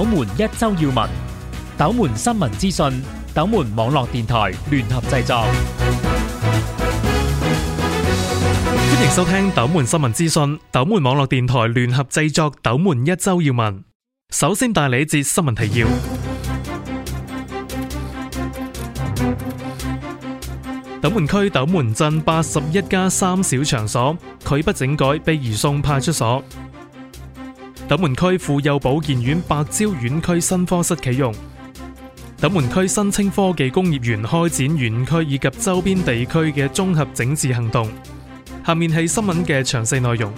斗門一周要聞，斗門新聞資訊，斗門網絡電台聯合製作。歡迎收聽斗門新聞資訊，斗門網絡電台聯合製作。斗門一周要聞，首先帶你一節新聞提要。斗門區斗門鎮八十一家三小場所拒不整改，被移送派出所。斗門區婦幼保健院白蕉院區新科室啟用，斗門區新青科技工業園開展園區以及周邊地區嘅綜合整治行動。下面係新聞嘅詳細內容。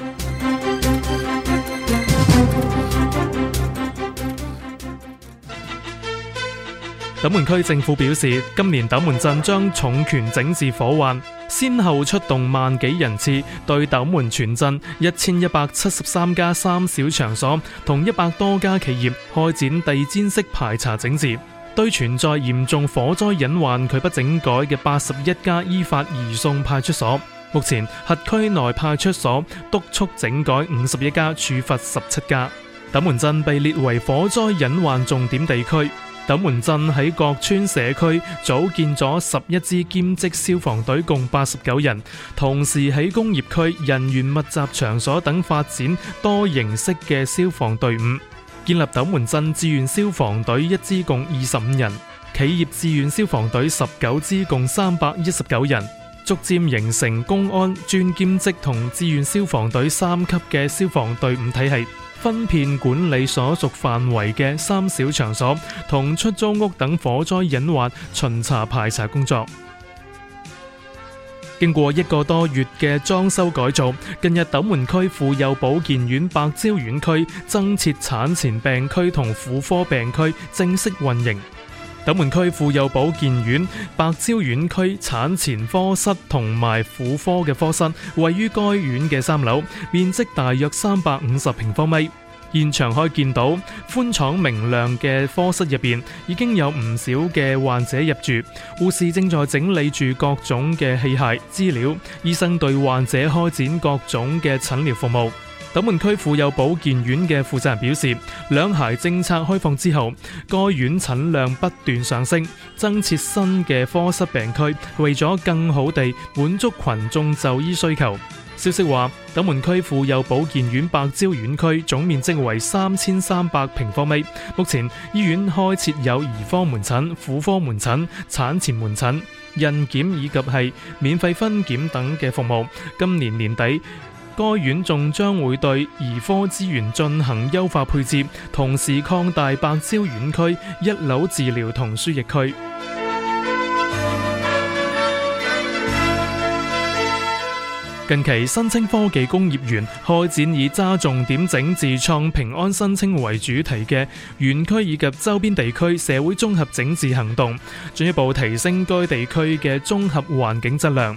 斗門區政府表示，今年斗門鎮將重拳整治火患，先後出動萬幾人次，對斗門全鎮一千一百七十三家三小、小場所同一百多家企業開展地毯式排查整治，對存在嚴重火災隱患拒不整改嘅八十一家依法移送派出所。目前轄區內派出所督促整改五十一家，處罰十七家。斗門鎮被列為火災隱患重點地區。斗門鎮喺各村社區組建咗十一支兼職消防隊，共八十九人；同時喺工業區、人員密集場所等發展多形式嘅消防隊伍，建立斗門鎮志願消防隊一支，共二十五人；企業志願消防隊十九支，共三百一十九人，逐漸形成公安、專兼職同志願消防隊三級嘅消防隊伍體系。分片管理所屬範圍嘅三小場所同出租屋等火災隱患巡查排查工作。經過一個多月嘅裝修改造，近日斗門區婦幼保健院白蕉院區增設產前病區同婦科病區正式運營。斗門區婦幼保健院白蕉院區產前科室同埋婦科嘅科室位於該院嘅三樓，面積大約三百五十平方米。現場可以見到寬敞明亮嘅科室入邊已經有唔少嘅患者入住，護士正在整理住各種嘅器械資料，醫生對患者開展各種嘅診療服務。斗門區婦幼保健院嘅負責人表示，兩孩政策開放之後，該院診量不斷上升，增設新嘅科室病區，為咗更好地滿足群眾就醫需求。消息話，斗門區婦幼保健院白蕉院區總面積為三千三百平方米，目前醫院開設有兒科門診、婦科門診、產前門診、孕檢以及係免費分檢等嘅服務。今年年底，該院仲將會對兒科資源進行優化配置，同時擴大白蕉院區一樓治療同輸液區。 近期，新青科技工業園開展以「揸重點整治創平安新青」為主題嘅園區以及周邊地區社會綜合整治行動，進一步提升該地區嘅綜合環境質量。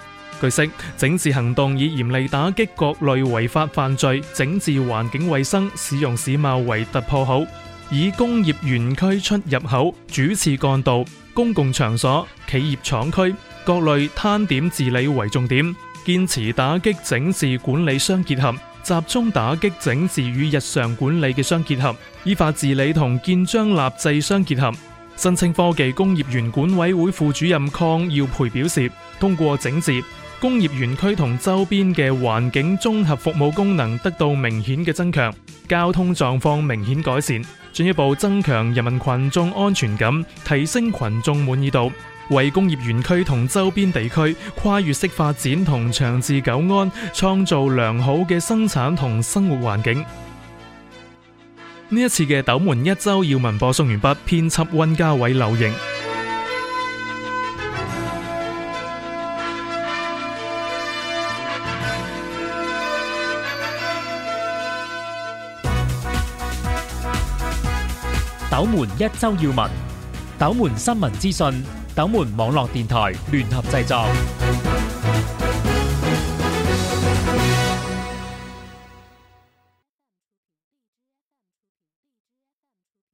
據悉，整治行動以嚴厲打擊各類違法犯罪、整治環境衛生、使用市容市貌為突破口，以工業園區出入口、主次幹道、公共場所、企業廠區各類攤點治理為重點，堅持打擊整治管理相結合，集中打擊整治與日常管理嘅相結合，依法治理同建章立制相結合。新青科技工業園管委會副主任鄺耀培表示，通過整治。工業園區同周邊嘅環境綜合服務功能得到明顯嘅增強，交通狀況明顯改善，進一步增強人民群眾安全感，提升群眾滿意度，為工業園區同周邊地區跨越式發展同長治久安創造良好嘅生產同生活環境。呢一次嘅斗門一周要聞播送完畢，編輯溫家偉、劉瑩。斗門一周要聞，斗門新聞資訊，斗門網絡電台聯合製作。